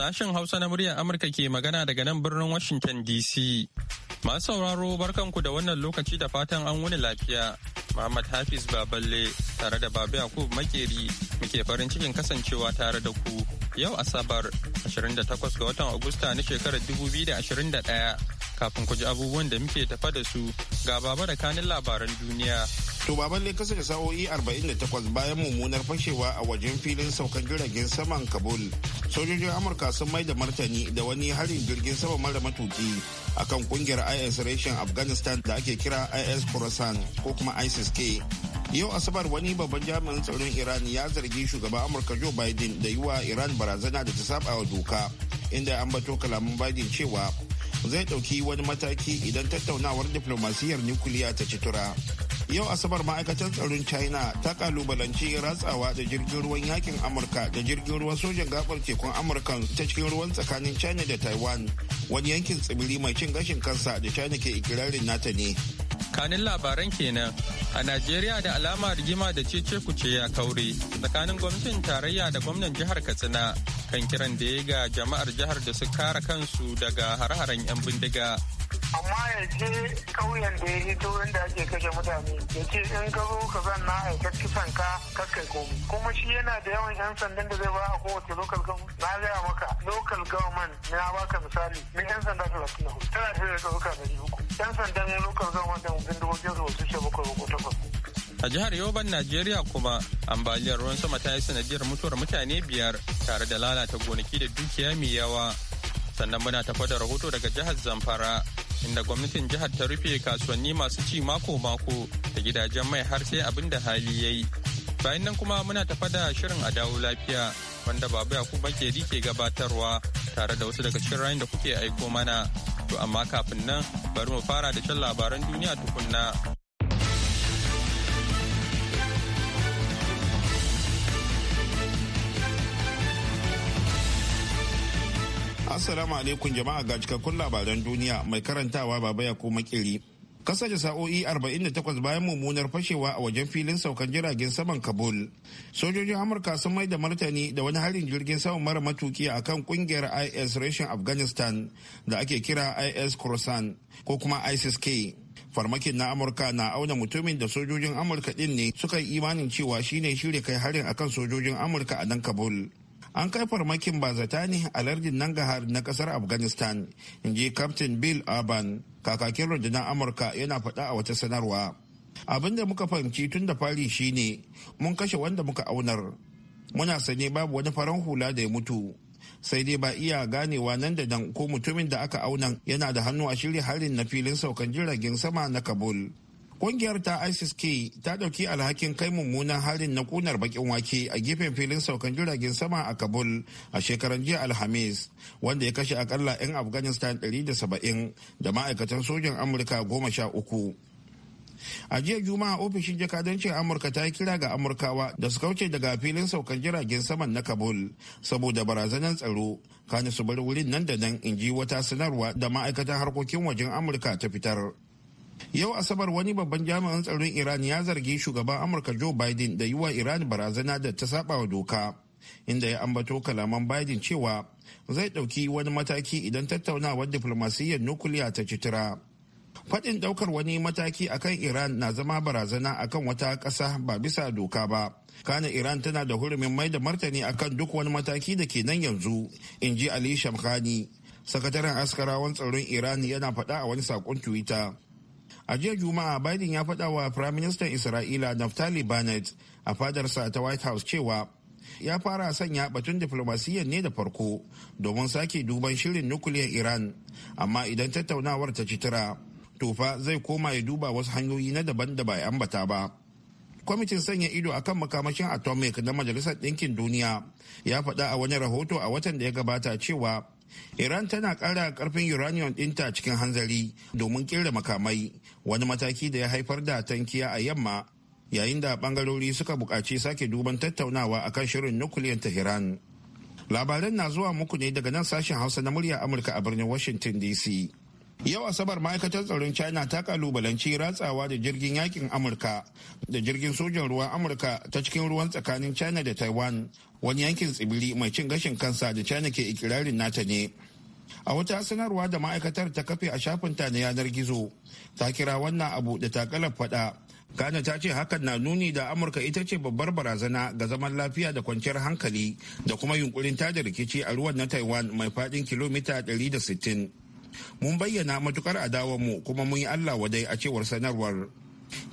Sashen Hausa na muryar Amurka ke magana daga nan birnin Washington DC. Masu sauraro barkanku da wannan lokaci da fatan an wuni lafiya. Muhammad Hafiz Baballe tare da Babu Yakub Makeri muke farin cikin kasancewa tare da ku. Yau Asabar 28 ga watan Agusta na shekarar 2021 kafin ku ji abubuwan da muke tafa da su ga baba da kanin labaran duniya. To ba balle kasa da sa'o'i 48 bayan mummunar fashewa a wajen filin saukan jiragen saman Kabul. Sojojin Amurka sun mai da martani da wani harin jirgin sama mara matuki a kan kungiyar IS reshen Afghanistan da ake kira IS Khorasan ko kuma ISIS-K. Yau Asabar wani babban jami'in tsaron Iran ya zargi shugaban Amurka Joe Biden da yi wa Iran barazana da ta saba wa doka inda an bato kalamin Biden cewa zai ɗauki wani mataki idan tattaunawar diflomasiyyar nukiliya ta ci tura. yau asabar ma'aikatar tsaron china ta kalubalanci ratsawa da jirgin ruwan yakin amurka da jirgin ruwan sojan gabar tekun amurka ta cikin ruwan tsakanin china da taiwan wani yankin tsibiri mai cin gashin kansa da china ke ikirarin nata ne kanin labaran kenan a najeriya da alama rigima da cece kuce ya kaure tsakanin gwamnatin tarayya da gwamnan jihar katsina kan kiran da ya ga jama'ar jihar da su kare kansu daga har-haren 'yan bindiga amma ya je ƙauyen da ya hito inda ake kashe mutane ya ce in ka zo ka zan na aikar kisan ka kakkai komi kuma shi yana da yawan yan sandan da zai ba a kowace local government na gaya maka local government na baka misali na yan sanda talatin na hudu tana da ɗauka da uku yan sandan local government da bindigogin su wasu shi uku takwas A jihar Yoban, Najeriya kuma ambaliyar ruwan sama ta yi sanadiyar mutuwar mutane biyar tare da lalata gonaki da dukiya mai yawa. sannan muna tafa da rahoto daga jihar zamfara inda gwamnatin jihar ta rufe kasuwanni masu ci mako-mako da gidajen mai har sai abin da hali ya yi bayan nan kuma muna tafa da shirin a dawo lafiya wanda babu ya kuma ke rike gabatarwa tare da wasu daga cikin rayuwar da kuke aiko mana to amma kafin nan bari mu fara da shan labaran duniya tukunna Assalamu alaikum jama'a ga cikakkun labaran duniya mai karantawa baba ya kuma kiri. Kasa da sa'o'i 48 bayan mummunar fashewa a wajen filin saukan jiragen saman Kabul. Sojojin Amurka sun mai da martani da wani harin jirgin saman mara matuki a kan kungiyar IS reshen Afghanistan da ake kira IS Khorasan ko kuma ISIS-K. farmakin na amurka na auna mutumin da sojojin amurka din ne suka yi imanin cewa shine shirya kai harin akan sojojin amurka a nan kabul an kai farmakin bazata ne a lardin nan nangahar na kasar afghanistan in ji captain bill urban kakakin rundunar amurka yana faɗa a wata sanarwa abin da muka fahimci tun da fari shine mun kashe wanda muka aunar muna sane babu wani faran hula da ya mutu sai dai ba iya ganewa nan da nan ko mutumin da aka auna yana da hannu a shirya harin na filin saukan jiragen sama na kabul Kungiyar ta ISIS-K ta dauki alhakin kai mummunan harin na kunar bakin wake a gefen filin saukan jiragen sama a Kabul a shekaran jiya Alhamis, wanda ya kashe akalla 'yan Afghanistan 170 da ma'aikatan sojan Amurka 13. a jiya juma'a ofishin jakadancin amurka ta yi kira ga amurkawa da su kauce daga filin saukan jiragen saman na kabul saboda barazanar tsaro kani su bar wurin nan da nan in ji wata sanarwa da ma'aikatan harkokin wajen amurka ta fitar yau asabar wani babban jami'an tsaron iran ya zargi shugaban amurka joe biden da yi wa iran barazana da ta saba wa doka inda ya ambato kalaman biden cewa zai ɗauki wani mataki idan tattaunawar diflomasiyyar nukuliya ta citira faɗin ɗaukar wani mataki akan iran na zama barazana akan wata ƙasa ba bisa doka ba kana iran tana da hurumin mai da martani akan duk wani mataki da ke nan yanzu in ji ali shamkhani sakataren askarawan tsaron iran yana faɗa a wani saƙon twitter a jiya juma'a biden ya faɗa wa firaministan isra'ila naftali bennett a fadarsa ta white house cewa ya fara sanya batun diplomasiyyar ne da farko domin sake duban shirin nukuliyar iran amma idan tattaunawar ta ci tofa zai koma ya duba wasu hanyoyi na daban da ba ya ambata ba kwamitin sanya ido akan makamashin atomic na majalisar ɗinkin duniya ya faɗa a wani rahoto a watan da ya gabata cewa Iran tana ƙara ƙarfin uranium ɗinta cikin hanzari domin ƙera makamai wani mataki da ya haifar da tankiya a yamma yayin da ɓangarori suka buƙaci sake duban tattaunawa akan shirin nukiliyar Tehran. Labaran na zuwa muku ne daga nan sashen Hausa na murya Amurka a birnin Washington DC. Yau Asabar ma'aikatar tsaron China ta kalubalanci ratsawa da jirgin yakin Amurka da jirgin sojan ruwan Amurka ta cikin ruwan tsakanin China da Taiwan wani yankin tsibiri mai cin gashin kansa da China ke ikirarin nata ne. A wata sanarwa da ma'aikatar ta kafe a shafin ta na yanar gizo ta kira wannan abu da takalar fada. Ghana ta ce hakan na nuni da Amurka ita ce babbar barazana ga zaman lafiya da kwanciyar hankali da kuma yunkurin tada rikici a ruwan na Taiwan mai faɗin kilomita 160. mun bayyana matukar mu kuma mun yi allah wadai a cewar sanarwar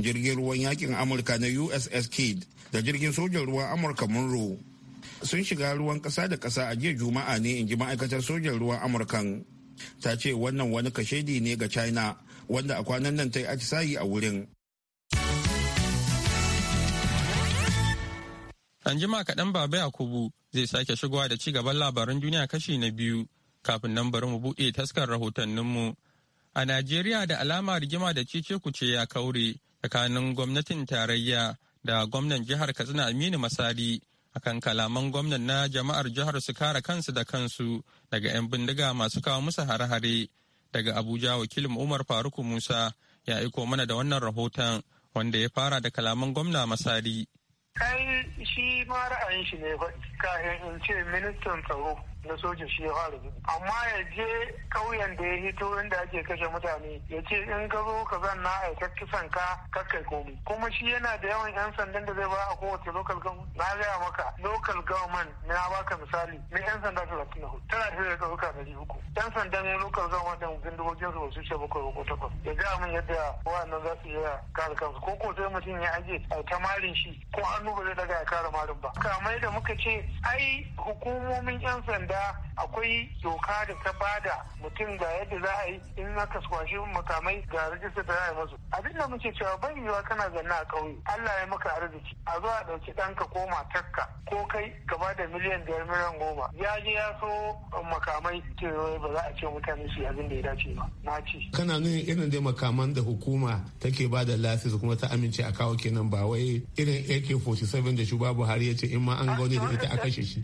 jirgin ruwan yakin amurka na uss Kidd da jirgin sojan ruwan amurka munro sun shiga ruwan kasa da kasa a jiya juma'a ne in ji ma'aikatar sojan ruwan amurka ta ce wannan wani kashedi ne ga china wanda a kwanan nan ta yi atisayi a wurin an jima kaɗan baba yakubu zai sake shigowa da ci gaban labaran duniya kashi na biyu Kafin nan bari mu buɗe taskar rahotanninmu. A Najeriya da alama rigima da cece kuce ya kaure tsakanin gwamnatin tarayya da gwamnan jihar Katsina Aminu Masari akan kalaman gwamnan na jama'ar jihar su kare kansu da kansu daga 'yan bindiga masu kawo musu hare-hare. Daga Abuja wakilin Umar Faruk Musa ya aiko mana da wannan rahoton wanda ya fara da kalaman gwamna Masari. Kai shi ma ra'ayin shi ne kayan in ce ministan tsaro na soja shi ya fara gudu amma ya je ƙauyen da ya hito inda ake kashe mutane ya ce in ka zo ka zan na aikar kisan ka kakai komi kuma shi yana da yawan yan sandan da zai ba a kowace local government na gaya maka local government na baka misali na yan sanda talatin da hudu tana da ɗauka ɗari uku yan sandan local government ɗin bindigogin su ba su ce bakwai ko takwas ya gaya min yadda wa'annan za su iya kare kansu ko ko sai mutum ya aje a ta marin shi ko hannu ba zai daga ya kare marin ba kamai da muka ce ai hukumomin yan sanda guda akwai doka da ta bada mutum ga yadda za a yi in aka kasuwashi makamai ga rajista da za a masu abin da muke cewa ban yiwa kana zanna a ƙauye Allah ya maka arziki a zo a ɗauki ɗanka ko matarka ko kai gaba da miliyan biyar miliyan goma ya je ya so makamai ke ba za a ce mutane su abin da ya dace ba na ce. kana nuna irin dai makaman da hukuma take ba da lasis kuma ta amince a kawo kenan ba wai irin ak-47 da shugaba buhari ya ce in ma an gauni da ita a kashe shi.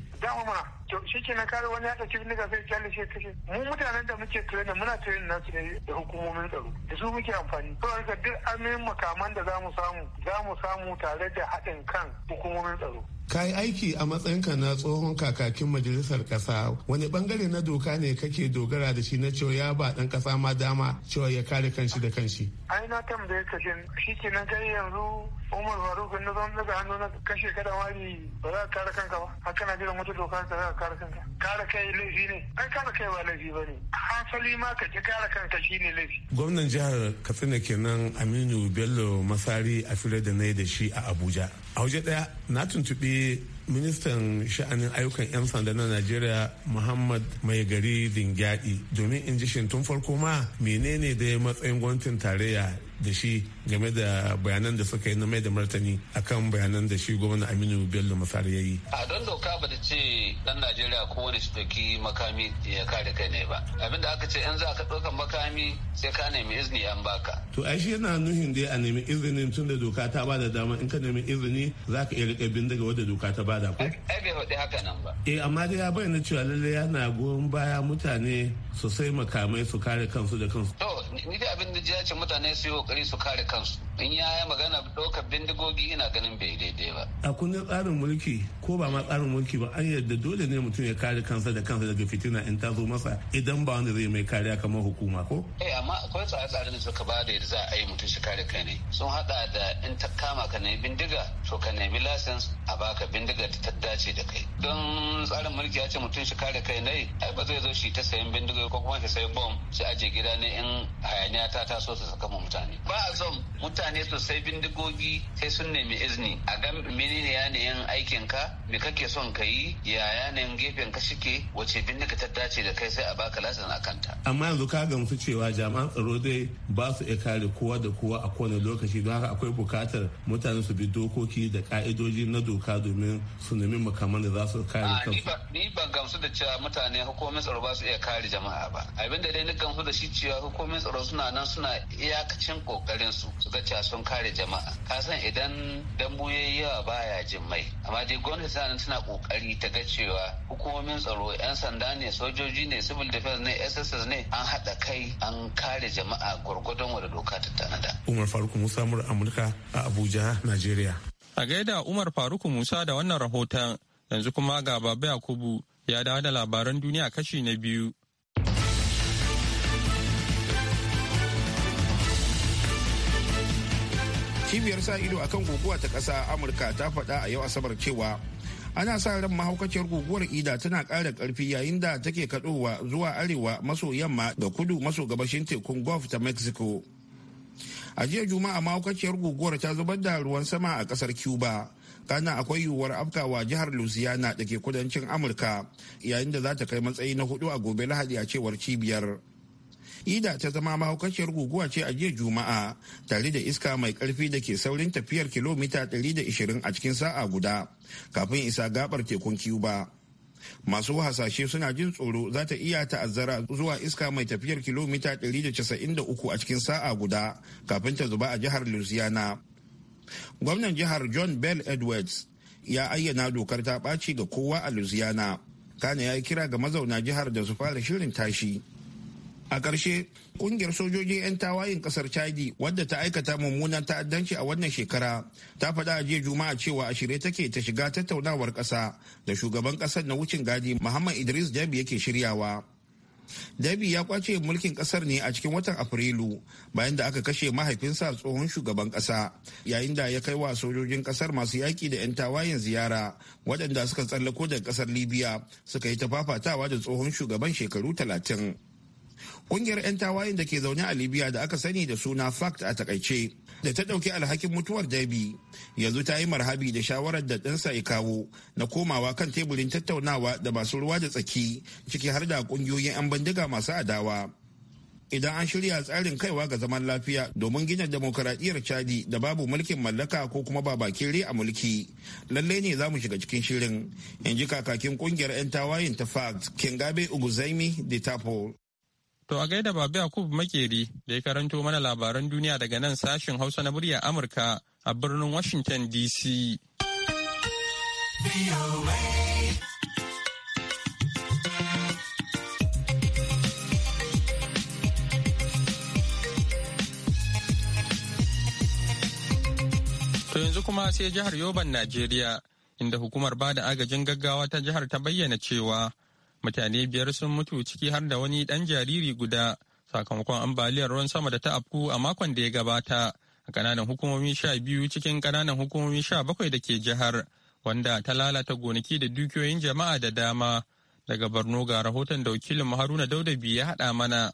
to shi ke na kare wani haɗa cikin daga sai kyalle shi kashe mu mutanen da muke training muna training nasu ne da hukumomin tsaro da su muke amfani to ga duk amin makaman da za samu za mu samu tare da haɗin kan hukumomin tsaro ka yi aiki a matsayinka na tsohon kakakin majalisar kasa wani bangare na doka ne kake dogara da shi na cewa ya ba ɗan kasa ma dama cewa ya kare kanshi da kanshi ai na tambaye ka shi kenan kai yanzu umar faruk na zan daga hannu na kashe kada da wani ba za ka kare kanka ba haka na jiran wata doka ka za ka kare kanka kare kai laifi ne ai kare kai ba laifi ba ne hasali ma ka ki kare kanka shine laifi gwamnan jihar katsina kenan aminu bello masari a fira da na da shi a abuja a waje daya na tuntuɓi ministan sha'anin ayyukan 'yan sanda na najeriya muhammad mai gari dingyadi domin in ji shin tun farko ma menene da matsayin gwamnatin tarayya da shi game da bayanan da suka yi na mai da martani a kan bayanan da shi gwamna aminu bello masar ya yi a don doka ba da ce dan najeriya ko wani shi daki makami ya kare kai ne ba abin da aka ce in za ka ɗaukan makami sai ka nemi izini an baka to a shi yana nuhin dai a nemi izinin tun da doka ta ba da dama in ka nemi izini za ka iya riƙe daga wadda doka ta ba da ko ai bai faɗi haka nan ba eh amma dai ya bayyana cewa lallai yana goyon baya mutane su sai makamai su kare kansu da kansu. To, ni da abin da ji ce mutane su yi kokari su kare kansu. in ya yi magana ɗaukar bindigogi ina ganin bai daidai ba. a kundin tsarin mulki ko ba ma tsarin mulki ba an yadda dole ne mutum ya kare kansa da kansa daga fitina in ta zo masa idan ba wanda zai mai kariya kamar hukuma ko. eh amma akwai tsare tsare da suka ba da za a yi mutum shi kare kai ne sun haɗa da in ta kama ka nemi bindiga to ka nemi lasins a baka bindiga ta dace da kai don tsarin mulki ya ce mutum shi kare kai ne ai ba zai zo shi ta sayan bindiga ko kuma ta sayi bom shi aje gida ne in hayaniya ta taso su saka mutane ba a son mutane mutane sai bindigogi sai sun nemi izini a ga menene yanayin aikin ka me kake son ka yi ya yanayin gefen ka shike wace bindiga ta dace da kai sai a baka lasin a kanta amma yanzu ka gamsu cewa jami'an tsaro dai ba su iya kare kowa da kowa a kowane lokaci don haka akwai bukatar mutane su bi dokoki da ka'idoji na doka domin su nemi makaman da za su kare kansu ni ban gamsu da cewa mutane hukumomin tsaro ba su iya kare jama'a ba abinda dai ni gamsu da shi cewa hukumomin tsaro suna nan suna iyakacin kokarin su su ga cewa sun kare jama'a kasan idan dambu ya yawa baya jin mai amma dai gwamnati nan tana kokari ta ga cewa hukumomin tsaro yan sanda ne sojoji ne civil defense ne sss ne an haɗa kai an kare jama'a gwargwadon wadda doka ta tanada umar faruk musa mura amurka a abuja nigeria a gaida umar faruk musa da wannan rahoton yanzu kuma ga baba yakubu ya dawo da labaran duniya kashi na biyu cibiyar sa ido akan guguwa ta ƙasa amurka ta faɗa a yau asabar cewa ana sa ran mahaukaciyar guguwar ida tana ƙara ƙarfi yayin da take kaɗowa zuwa arewa maso yamma da kudu maso gabashin tekun gulf ta mexico a jiya juma'a mahaukaciyar guguwar ta zubar da ruwan sama a ƙasar cuba kana akwai yiwuwar afkawa jihar louisiana da ke kudancin amurka yayin da za ta kai matsayi na hudu a gobe lahadi a cewar cibiyar ida ta zama mahaukaciyar guguwa ce a jiya juma'a tare da iska mai karfi da ke saurin tafiyar kilomita 120 a cikin sa'a guda kafin isa gabar tekun cuba masu hasashe suna jin tsoro za ta iya ta'azzara zuwa iska mai tafiyar kilomita 193 a cikin sa'a guda kafin ta zuba a jihar louisiana gwamnan jihar john bell edwards ya ayyana dokar ta ɓaci ga kowa a louisiana kana ya yi kira ga mazauna jihar da su fara shirin tashi a ƙarshe ƙungiyar sojojin 'yan tawayin ƙasar chadi wadda ta aikata mummunan ta'addanci a wannan shekara ta faɗa a jiya juma'a cewa a shirye take ta shiga tattaunawar ƙasa da shugaban ƙasar na wucin gadi muhammad idris Jabi yake shiryawa dabi ya kwace mulkin ƙasar ne a cikin watan afrilu bayan da aka kashe mahaifinsa tsohon shugaban ƙasa yayin da ya kai wa sojojin ƙasar masu yaƙi da 'yan tawayen ziyara waɗanda suka tsallako daga ƙasar libya suka yi ta fafatawa da tsohon shugaban shekaru talatin Ƙungiyar 'yan tawayen da ke zaune a Libya da aka sani da suna FACT a takaice da ta ɗauki alhakin mutuwar Dabi yanzu ta yi marhabi da shawarar da ɗansa ya kawo na komawa kan teburin tattaunawa da masu ruwa da tsaki ciki har da ƙungiyoyin 'yan bindiga masu adawa. idan an shirya tsarin kaiwa ga zaman lafiya domin gina demokaradiyyar chadi da babu mulkin mallaka ko kuma babakere a mulki lallai ne za mu shiga cikin shirin in ji kakakin kungiyar 'yan tawayen ta fact kingabe uguzaimi de tapo To a gaida Babu Yakub Makeri da ya karanto mana labaran duniya daga nan sashen Hausa na murya Amurka a birnin Washington DC. To yanzu kuma sai jihar Yoban Najeriya, inda hukumar bada agajin gaggawa ta jihar ta bayyana cewa mutane biyar sun mutu ciki har da wani ɗan jariri guda sakamakon ambaliyar ruwan sama da ta afku a makon da ya gabata a ƙananan hukumomi sha biyu cikin ƙananan hukumomi sha bakwai da ke jihar wanda ta lalata gonaki da dukiyoyin jama'a da dama daga borno ga rahoton da wakilin haruna daudabi ya haɗa mana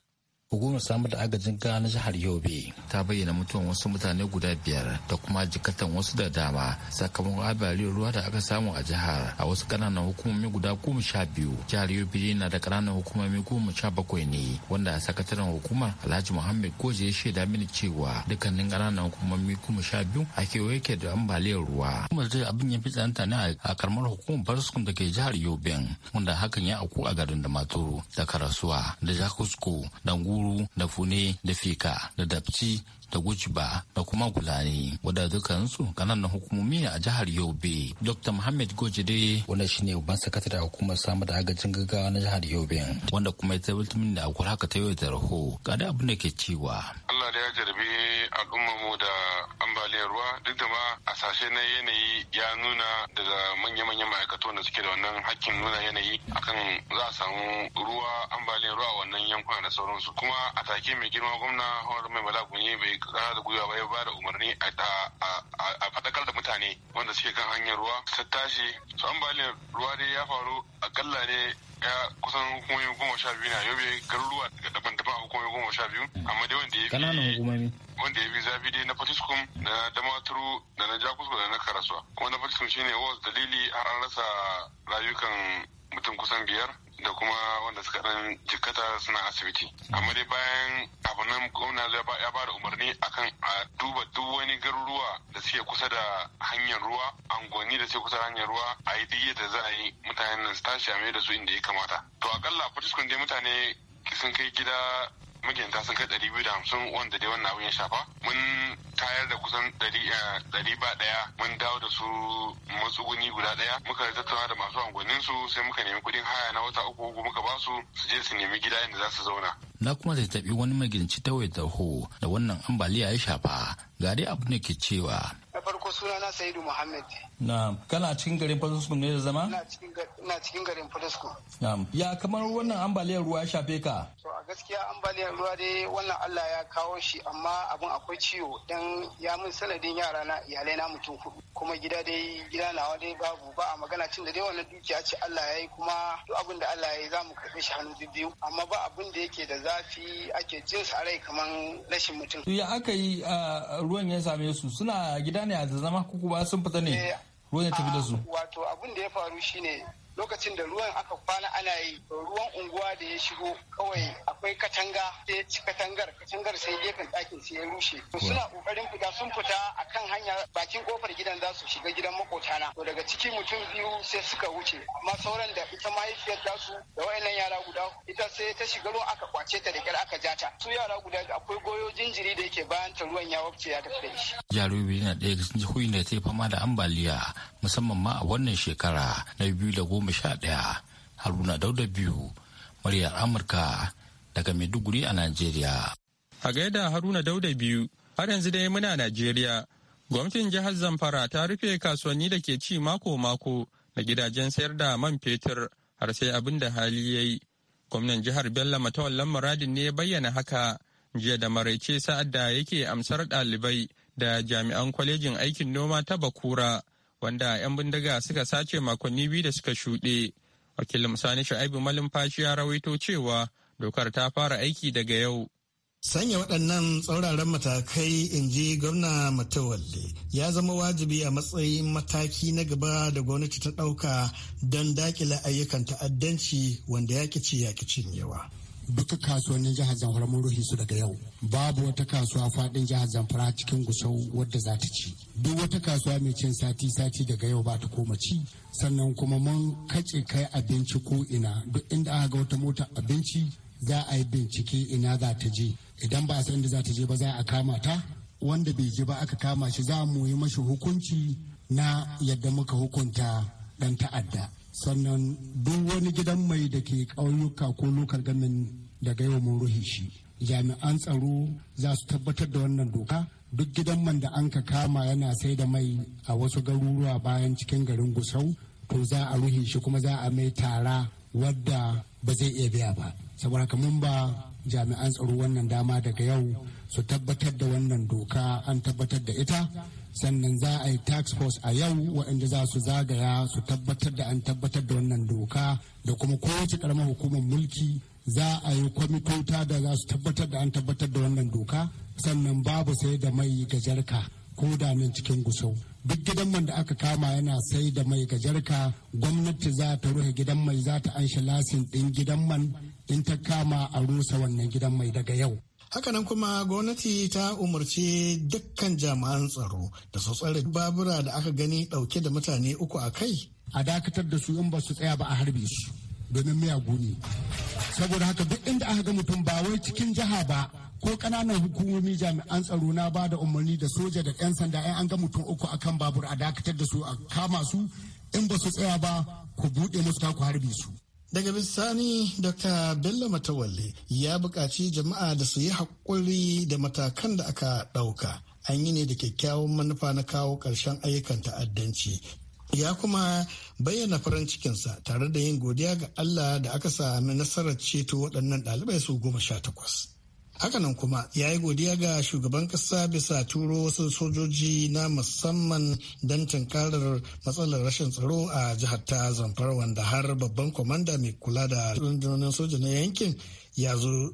Hukumar samar da agajin gana na jihar Yobe ta bayyana mutuwan wasu mutane guda biyar da kuma jikatan wasu da dama sakamakon abaliyar ruwa da aka samu a jihar a wasu kananan hukumomi guda goma sha biyu. Jihar Yobe na da kananan hukumomi goma sha bakwai ne wanda sakataren hukuma Alhaji Muhammad Goje ya shaida mini cewa dukkanin kananan hukumomi goma sha biyu a kewaye da ambaliyar ruwa. Hukumar da abin ya fi tsananta ne a karamar hukumar Barskun da ke jihar Yobe wanda hakan ya auku a garin da Maturu da Karasuwa da Jakusko dangu kuru da Fune da Fika da Dabci da Gujba da kuma Gulani wadda dukansu kananan hukumomi a jihar Yobe. Dr. Muhammad Gojide wanda shine babban sakatare hukumar samar da agajin gaggawa na jihar Yobe wanda kuma ya tabbatar da akwai haka ta yau da raho. Ga abin da ke cewa. Allah da ya jarbe al'ummarmu da ambaliyar ruwa duk da ma a sashe na yanayi ya nuna daga manya-manyan ma'aikatu da suke da wannan hakkin nuna yanayi akan za a samu ruwa ambaliyar ruwa wannan yankuna da sauransu kuma a take mai girma gwamna hawar mai gunye bai kara da gwiwa ba ya ba da umarni a fadakar da mutane wanda suke kan hanyar ruwa ta tashi su ambaliyar ruwa dai ya faru akalla ne ya kusan hukumomi goma sha biyu na bai garuruwa daban-daban hukumomi goma sha biyu amma dai wanda ya fi wanda ya fi zafi dai na fatiskum na damaturu da na Jakus da na karasuwa kuma na fatiskum shine was dalili har an rasa rayukan mutum kusan biyar da kuma wanda suka dan jikata suna asibiti amma dai bayan abu nan gwamna ya ba da umarni akan a duba duk wani garuruwa da suke kusa da hanyar ruwa angoni da suke kusa da hanyar ruwa a yi duk yadda za a yi mutanen nan su tashi a mai da su inda ya kamata to akalla fatiskum dai mutane sun kai gida magidanta sun kai 250 wanda dai wannan abin ya shafa mun tayar da kusan ɗari eh, mun dawo da su matsuguni guda ɗaya muka tattauna da masu angonin su sai muka nemi kuɗin haya na wata uku uku muka ba su su je su nemi gida inda za su zauna. Na kuma tattaɓi wani magidanci ta wayar da wannan ambaliya ya shafa ga dai abu da ke cewa. ko suna na Sa'idu Muhammad. Na'am. Kana cikin garin Fatasko ne da zama? Na cikin garin Fatasko. Na'am. Ya kamar wannan ambaliyar ruwa ya shafe ka? To a gaskiya ambaliyar ruwa dai wannan Allah ya kawo shi amma abin akwai ciwo dan ya mun sanadin yara na iyalai na mutum hudu. Kuma gida dai gida nawa dai babu ba a magana cin da dai wannan dukiya ce Allah ya yi kuma duk abin da Allah ya yi za mu karɓi shi hannu biyu amma ba abin da yake da zafi ake jin sa kamar rashin mutum. Ya aka yi ah, ruwan ya same su suna gida ne a zama kuku ba sun fita ne eh, ruwan ya tafi da su wato abin da ya faru shine lokacin da ruwan aka kwana ana yi ruwan unguwa da ya shigo kawai akwai katanga sai ci katangar katangar sai gefen ɗakin sai ya rushe suna kokarin fita sun fita a kan hanya bakin kofar gidan za su shiga gidan makotana to daga ciki mutum biyu sai suka wuce amma sauran da ita mahaifiyar za su da wayannan yara guda ita sai ta shiga ruwan aka kwace ta da kyar aka ja ta su yara guda akwai goyo jinjiri da yake bayan ta ruwan ya wabce ya tafi da shi jarumi yana ɗaya cikin jihohin da ta yi fama da ambaliya musamman ma a wannan shekara na biyu da goma goma sha haruna dauda biyu muryar amurka daga maiduguri a najeriya a gaida haruna dauda biyu har yanzu dai muna najeriya gwamnatin jihar zamfara ta rufe kasuwanni da ke ci mako-mako na gidajen sayar da man fetur har sai abin da hali ya yi gwamnan jihar bello matawallan muradin ne ya bayyana haka jiya da maraice sa'ad da yake amsar ɗalibai da jami'an kwalejin aikin noma ta bakura wanda 'yan bindiga suka sace makonni biyu da suka shuɗe. Wakilin Sani Sha'ibu Malumfashi ya rawaito cewa dokar ta fara aiki daga yau. Sanya waɗannan tsauraran matakai in ji gwamna Matawalle ya zama wajibi a matsayin mataki na gaba da gwamnati ta ɗauka don dakile ayyukan ta'addanci wanda ya ci ya cinyewa. duka kasuwannin jihar zamfara mun rufe su daga yau babu wata kasuwa fadin jihar zamfara cikin gusau wadda za ta ci duk wata kasuwa mai cin sati sati daga yau ba ta koma ci sannan kuma mun kace kai abinci ko ina duk inda aka ga wata mota abinci za a yi bincike ina za ta je idan ba a san inda za ta je ba za a kama ta wanda bai je ba aka kama shi za mu yi mashi hukunci na yadda muka hukunta dan ta'adda sannan duk wani gidan mai da ke ƙauyuka ko lokar ganin daga yau mun ruhi shi jami'an tsaro za su tabbatar da wannan doka duk gidan man da an ka kama yana sai da mai a wasu garuruwa bayan cikin garin gusau to za a ruhi shi kuma za a mai tara wadda ba zai iya biya ba saboda kamun ba jami'an tsaro wannan dama daga yau su tabbatar da wannan doka an tabbatar da ita sannan za a yi tax force a yau waɗanda za su zagaya su tabbatar da an tabbatar da wannan doka da kuma kowace ƙaramar hukumar mulki za a yi kwamitota da za su tabbatar da an tabbatar da wannan doka sannan babu sai da mai gajarka ko da nan cikin gusau duk gidan man da aka kama yana sai da mai gajarka gwamnati za ta rufe gidan mai za ta anshi lasin ɗin gidan man in ta kama a rusa wannan gidan mai daga yau hakanan kuma gwamnati ta umarci dukkan jami'an tsaro da su tsare babura da aka gani ɗauke da mutane uku a kai a dakatar da su in ba su tsaya ba a harbe su domin miyagu ne saboda haka duk inda aka ga mutum ba wai cikin jiha ba ko ƙananan hukumomi jami'an tsaro na ba da umarni da soja da 'yan sanda an ga mutum uku a kan babur a dakatar da su a kama su in ba su tsaya ba ku buɗe musu ku harbe su daga bisani dr bello matawalle ya buƙaci jama'a da su yi haƙuri da matakan da aka ɗauka an yi ne da kyakkyawan manufa na kawo ƙarshen ayyukan ta'addanci ya kuma bayyana farin cikinsa tare da yin godiya ga allah da aka sami nasarar ceto waɗannan ɗalibai su goma sha takwas hakanan kuma ya yi godiya ga shugaban kasa bisa turo wasu sojoji na musamman don tunkarar matsalar rashin tsaro a jihar ta zamfara wanda har babban kwamanda mai kula da rundunonin soja na yankin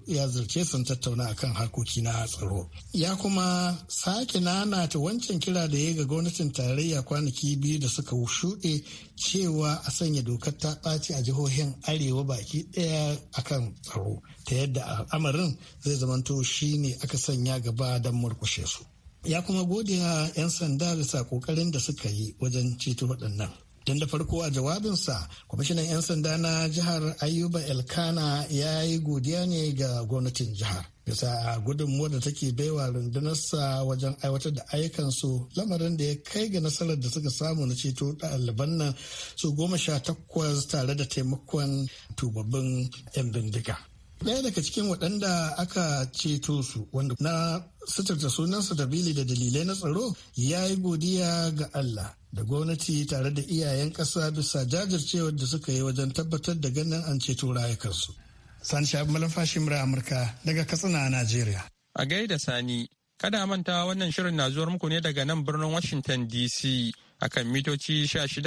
ya zurce sun tattauna akan harkoki na tsaro ya kuma sake nanata wancan kira da ya ga gwamnatin tarayya kwanaki biyu da suka shuɗe cewa a sanya dokar ta ɓaci a jihohin arewa baki ɗaya akan tsaro ta yadda al'amarin zai zamanto shi ne aka sanya gaba don murkushe su ya kuma godiya 'yan sanda bisa kokarin da suka yi wajen ceto waɗannan tun da farko a jawabinsa kwamishinan 'yan sanda na jihar ayuba elkana ya yi godiya ne ga gwamnatin jihar bisa gudunmuwa da take baiwa rundunarsa wajen aiwatar da ayyukansu lamarin da ya kai ga nasarar da suka samu na ceto ɗaliban nan su goma sha takwas tare da taimakon tubabbin 'yan bindiga ɗaya daga cikin waɗanda aka ceto su wanda na suturta sunansa da bili da dalilai na tsaro ya yi godiya ga Allah da gwamnati tare da iyayen ƙasa bisa jajircewar da suka yi wajen tabbatar da ganin an ceto rayukansu. Sani Shabi Malafashi Mura Amurka daga Katsina a Najeriya. A gaida Sani, kada manta wannan shirin na zuwar muku ne daga nan birnin Washington DC akan mitoci 25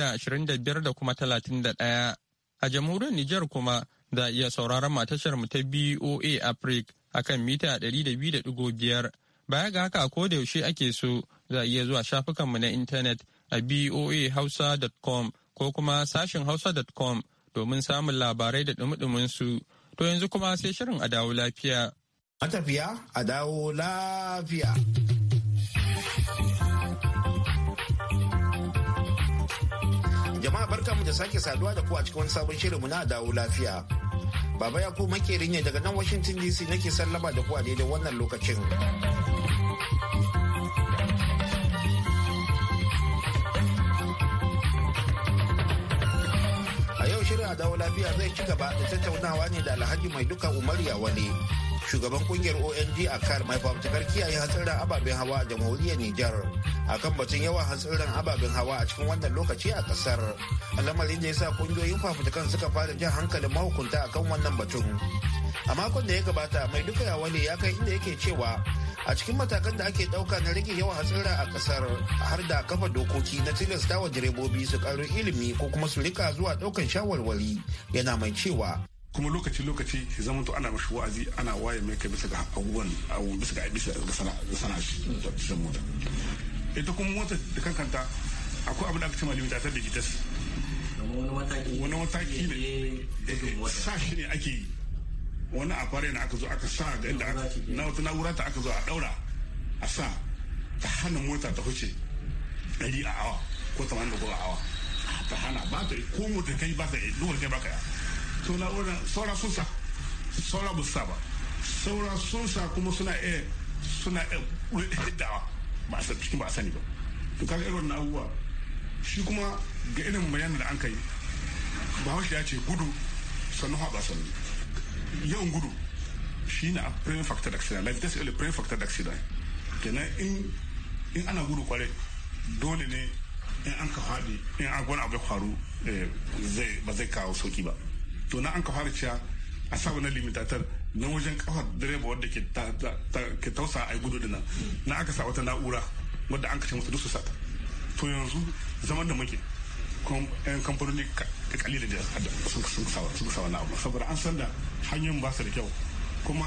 da kuma 31. A jamhuriyar Nijar kuma Za a iya sauraron tashar mu ta BOA Africa a kan mita 200.5. Baya ga haka ko da yaushe ake so za a iya zuwa shafukan mu na intanet a boahausa.com ko kuma sashin hausa.com domin samun labarai da dumi su. To yanzu kuma sai shirin a dawo lafiya. Matafiya a dawo lafiya. barka mu da sake saduwa da ku a cikin wani sabon mu na dawo lafiya. Baba ya ku muke ne daga nan Washington DC nake sallama da ku a daidai wannan lokacin. A yau shirin a dawo lafiya zai ci gaba da tattaunawa ne da Alhaji mai duka umar Yawale. shugaban kungiyar ONG a kar mai fafutukar kiyaye hatsarin ababen hawa a jamhuriyar Nijar kan batun yawan hatsarin ababen hawa a cikin wannan lokaci a kasar. Lamarin da ya sa kungiyoyin fafutukan suka fara jan hankalin mahukunta a kan wannan batun. A makon da ya gabata mai duka wani ya kai inda yake cewa a cikin matakan da ake dauka na rage yawan hatsarin a kasar har da kafa dokoki na tilasta wa direbobi su karo ilimi ko kuma su rika zuwa daukan shawarwari yana mai cewa kuma lokaci lokaci ya zama to ana mashi wa'azi ana waye mai kai bisa ga abubuwan abu bisa ga bisa ga sana shi da mota ita kuma mota da kankanta akwai abin da aka ce ma limita ta gitas wani mataki ne sa shi ne ake yi wani a fara yana aka zo aka sa ga inda na wata na'ura ta aka zo a daura a sa ta hana mota ta huce ɗari a awa ko tamanin da awa ta hana ba ta ko mota kai ba ta yi duwar kai ba ka yi to na'ura saura sun sa saura ba sa ba saura sun sa kuma suna iya e, suna iya e, hiddawa e ba a cikin ba sani ba to kaga irin wannan abubuwa shi kuma ga irin bayanin da an kai bahaushe ya ce gudu sannan haɓa sannu yawan gudu shi na a prime factor d'accident life that's only prime factor d'accident kenan in in ana gudu kware dole ne in an ka faɗi in an wani abu ya faru eh, ba zai kawo sauki ba to na an ka fara cewa a sa wani limitatar na wajen kafa direba wadda ke tausa a gudu da nan na aka sa wata na'ura wadda an kashe masa duk su sata to yanzu zaman da muke yan kamfanoni kalli da sun kusa wani abu saboda an san da hanyoyin ba su da kyau kuma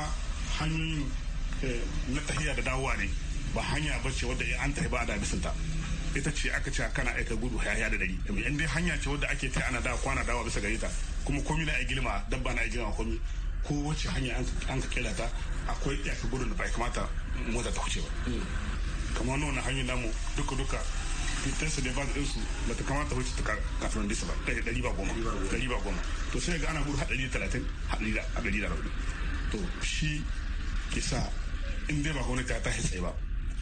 hanyoyin eh, na tahiya da dawowa ne ba hanya ba ce wadda an tahi ba a da bisanta ita ce aka ce kana aika gudu hayaniya da dari in dai hanya ce wadda ake ta ana da kwana dawa bisa gare ta kuma komi na girma dabba na girma komi ko wacce hanya an ka kira ta akwai iyaka gudun da bai kamata mota ta huce ba kamar nuna wannan hanyar namu duka duka fitarsa da vans ɗinsu ba ta kamata wuce ta kafin disa ba daga ɗari ba goma ɗari ba goma to sai ga ana gudu haɗari talatin haɗari da haɗari da rabu to shi kisa in dai ba gwamnati ta tashi tsaye ba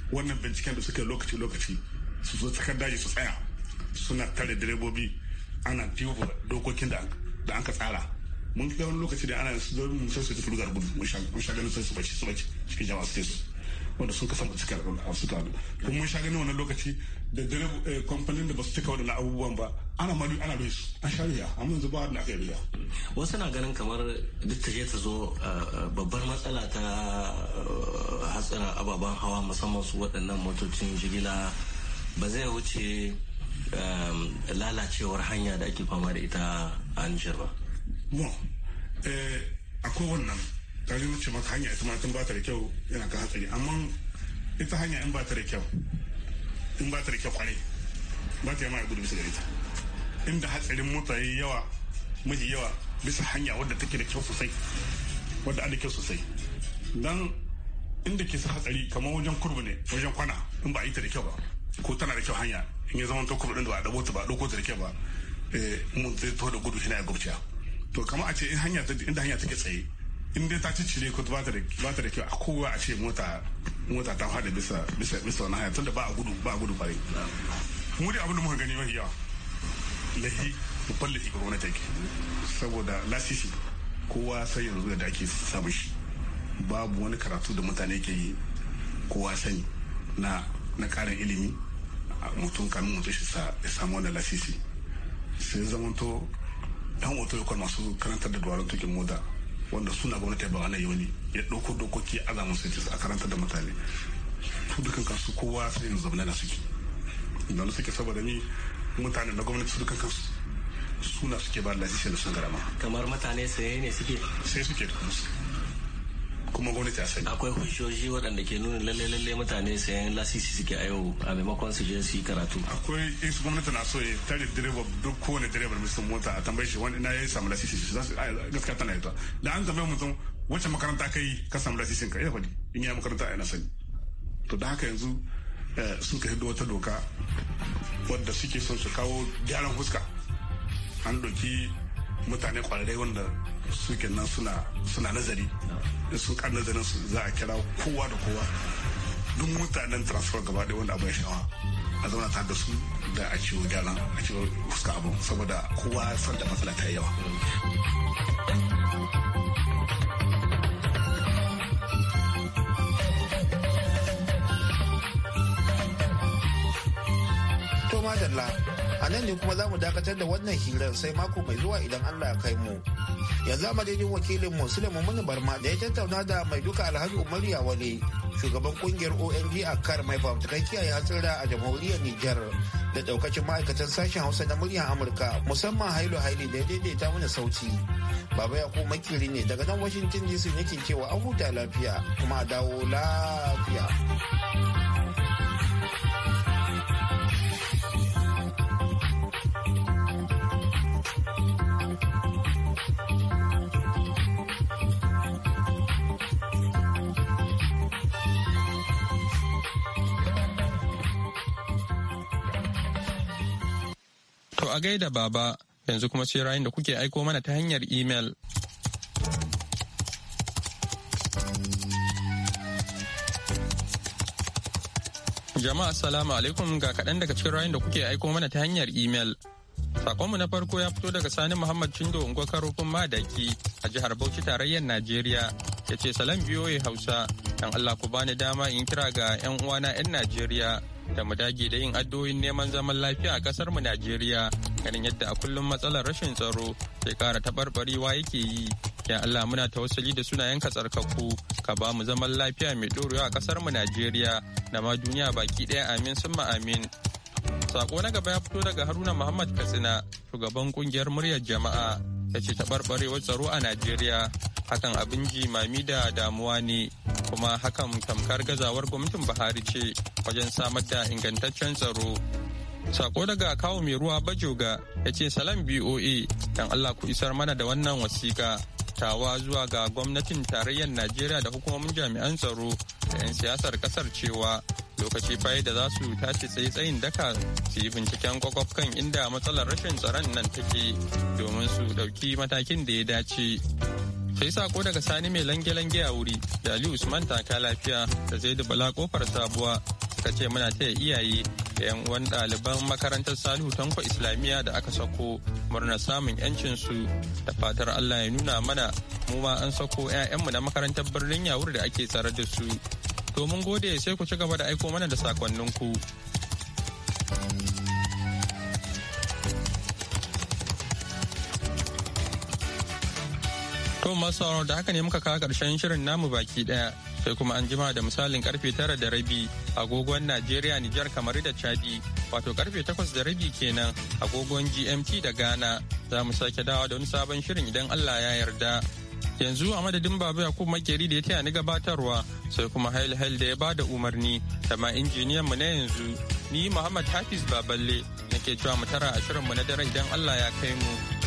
wannan binciken da suka lokaci lokaci su zo tsakar daji su tsaya suna tare direbobi ana duba dokokin da an ka tsara mun kai wani lokaci da ana su zo mun sai su tafi lugar gudu mun sha ganin sai su bace su bace cikin jama'a su su wanda sun kasance suka a su hadu kuma mun sha ganin wannan lokaci da direbo eh, kamfanin da ba su cika wadannan abubuwan ba ana malu ana bai su an sha riya amma yanzu ba wanda aka riya wasu na ganin kamar duk ta je ta zo eh, eh, babbar matsala ta hatsara ababen hawa musamman su waɗannan motocin jigila ba zai wuce um, lalacewar hanya da ake fama da ita a Niger ba. Bon, eh, akwai wannan kaji wuce maka hanya ita tun ba ta da kyau yana ka hatsari amma ita hanya in ba ta da kyau in ba ta da kyau kwarai ba ta mai gudu bisa da ita inda hatsarin mota yi yawa mafi yawa bisa hanya wadda take da kyau sosai wadda ada kyau sosai dan inda ke sa hatsari kamar wajen kurbu ne wajen kwana in ba a yi ta da kyau ba ko tana da kyau hanya in ya zama to ɗin da ba a ɗabo ta ba ɗauko ta da kyau ba eh, mun zai to da gudu shi na ya gurciya to kama a ce in hanya ta inda hanya take tsaye in dai ta ciccire ko ba ta da kyau a kowa a ce mota mota ta fada bisa bisa bisa wani hanya tunda ba a gudu ba a gudu bare mu dai abin da muka gani mafi yawa lahi babban lahi ga gwamnati yake saboda lasisi kowa sai yanzu da ake samun shi babu wani karatu da mutane ke yi kowa sani na na karin ilimi mutum kamin mutum shi ya samu wani lasisi sai wato yan otorikon masu karantar da duwarar tukin moda wanda suna gwamnati ba wani yoni ya ɗauko dokoki ya aza musu a karantar da mutane su dukan kansu kowa sai yanzu zaune na suke da suke saboda ni mutane na gwamnati su dukan kansu suna suke ba lasisi da sun garama kamar mutane saye ne suke sai suke da kuma gwamnati a sani akwai hujjoji waɗanda ke nuna lalle lalle mutane sayan lasisi suke a yau a maimakon su je su yi karatu akwai in su gwamnati na so ya tare direba duk kowane direba mai mota a tambaye shi wani ina ya samu lasisi gaskiya tana yi ta da an tambaye mutum wacce makaranta ka yi ka samu lasisin ka ya faɗi in ya makaranta a yana sani to da haka yanzu eh, suka hido wata doka wadda suke son su kawo gyaran fuska an doki mutane kwararre wanda suke nan suna nazari in sun kan nazarin su za a kira kowa da kowa duk mutanen transfer gaba da wanda abin shawa a zauna tare da su da a ciwo gyaran a ciwo fuska abu saboda kowa san da matsala ta yawa To madalla a nan ne kuma za mu dakatar da wannan hirar sai mako mai zuwa idan allah ya kai mu yanzu a madadin wakilin mu sulaiman mani barma da ya tattauna da mai duka alhaji umar yawale shugaban kungiyar ong a kar mai fafutukan kiyaye hatsira a jamhuriyar nijar da daukacin ma'aikatan sashen hausa na muryar amurka musamman hailu haili da ya daidaita mana sauti baba ya makiri ne daga nan washington dc yake cewa an huta lafiya kuma a dawo lafiya. a gaida baba yanzu kuma sai rayun da kuke aiko mana ta hanyar email. Jama'a assalamu alaikum ga kaɗan daga cikin rayun da kuke aiko mana ta hanyar imel. Sakonmu na farko ya fito daga Sani Muhammad cindo Ungo Karofin Madaki a jihar Bauchi tarayyar Najeriya ya ce salam biyoye Hausa dan Allah ku bani dama in kira ga 'yan uwana 'yan Najeriya da mu dage da yin addu'o'in neman zaman lafiya a kasar mu Najeriya ganin yadda a kullum matsalar rashin tsaro ke kara taɓarɓarewa yake yi ya Allah muna wasali da sunayen ka tsarkaku ka ba mu zaman lafiya mai ɗorewa a kasar mu Najeriya da ma duniya baki ɗaya amin summa amin sako na gaba ya fito daga Haruna Muhammad Katsina shugaban kungiyar muryar jama'a ya ce taɓarɓarewar tsaro a Najeriya hakan abin jimami da damuwa ne kuma hakan tamkar gazawar gwamnatin buhari ce wajen samar da ingantaccen tsaro Sako daga kawo mai ruwa Bajoga ya ce salam BOA dan Allah ku isar mana da wannan wasiƙa tawa zuwa ga gwamnatin tarayyar Najeriya da hukumomin jami'an tsaro da 'yan siyasar kasar cewa lokaci baya da za su tashi tsaye tsayin daka su yi binciken kwakwaf kan inda matsalar rashin tsaron nan take domin su ɗauki matakin da ya dace. sai sako daga sani mai lange-lange a wuri da ali usman taka lafiya da zai da bala kofar sabuwa suka ce muna taya iyaye da 'yan uwan ɗaliban makarantar salihu tanko islamiyya da aka sako murna samun 'yancinsu da fatar allah ya nuna mana mu ma an sako mu na makarantar birnin yawur da ake tsare da su to domin gode sai ku ci gaba da aiko mana da sakonninku. To masu sauraro da haka ne muka kawo ƙarshen shirin namu baki ɗaya sai kuma an jima da misalin karfe tara da rabi agogon Najeriya Nijar kamar da Chadi wato karfe takwas da rabi kenan agogon GMT da Ghana za mu sake dawa da wani sabon shirin idan Allah ya yarda. Yanzu a madadin babu ya Yakub Makeri da ya taya ni gabatarwa sai kuma Hail Hail da ya ba da umarni da ma injiniyan mu na yanzu ni Muhammad Hafiz Baballe nake cewa mu tara a shirin mu na daren idan Allah ya kai mu.